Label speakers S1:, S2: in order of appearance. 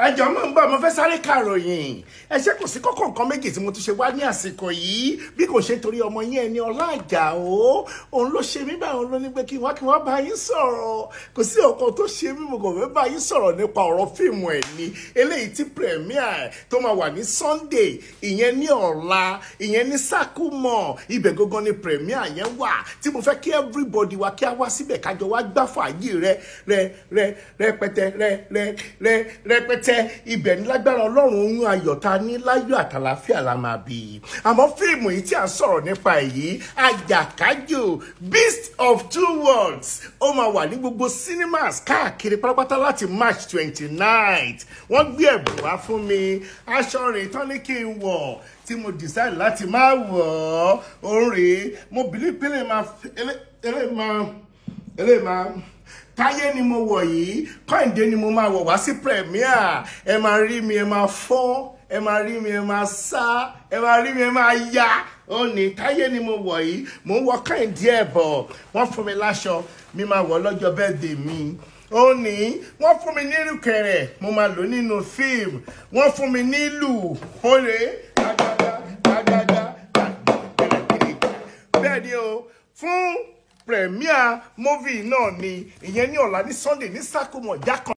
S1: ẹjọ mọ ń bọ mo fẹ́ sáré kàròyìn ẹ ṣe kò sí kókó nǹkan méjì tí mo tún ṣe wá ní àsìkò yìí bí kò ṣe torí ọmọ yín ẹni ọlá àjà o òun ló ṣe mí báyìí òun ló ní pé kí wá kí wá bá yín sọ̀rọ̀ kò sí ọkàn tó ṣe mí mo kàn fẹ́ bá yín sọ̀rọ̀ nípa ọ̀rọ̀ fíìmù ẹ ni eléyìí tí premier tó máa wà ní Sunday ìyẹn ní ọ̀la ìyẹn ní sákúmọ̀ ibẹ̀ gangan ni premier yẹn wà tí mo fẹ́ kí everybody wa kí a wá síbẹ̀ kájọ wá gbá fàájì rẹ rẹ rẹ rẹpẹtẹ rẹ rẹ rẹpẹtẹ rẹpẹtẹ ibẹ̀ ní lágbára ọlọ́run oyún ayọ̀ ta ní láyọ̀ àtàlàfíà la máa bí àmọ́ fíìmù yìí tí à sọ̀rọ̀ nípa èyí àjàkájò beast of two worlds ó máa wà ní gbogbo cinemas káàkiri pátápátá láti march twenty nine wọ́n gbé ẹ̀bùn wá fún mi aṣọ rẹ̀ tán ní kí n wọ̀ tí mo decide láti máa wọ̀ ọ́ orin mo believe pé eléyìí máa máa táyé ni mo wọ̀ yìí kọ́ìndé ni mo máa wọ̀ wá sí premier ẹ máa rí mi ẹ máa fọ́ ẹ máa rí mi ẹ máa sá ẹ máa rí mi ẹ máa ya ó ní táyé ni mo wọ̀ yìí mò ń wọ kọ́ìndé ẹ̀ bọ̀ wọ́n fún mi láṣọ mi máa wọ̀ lọ́jọ́ birthday mi ó ní wọ́n fún mi nírùkẹ̀rẹ̀ mo máa lò nínú fíìmù wọ́n fún mi nílùú ó lè gbàgbàgbà gbàgbàgbà bẹ́ẹ̀ ni o fún premier movie náà ni ìyẹn ní ọ̀la ní Sunday ní sakumo jákàn.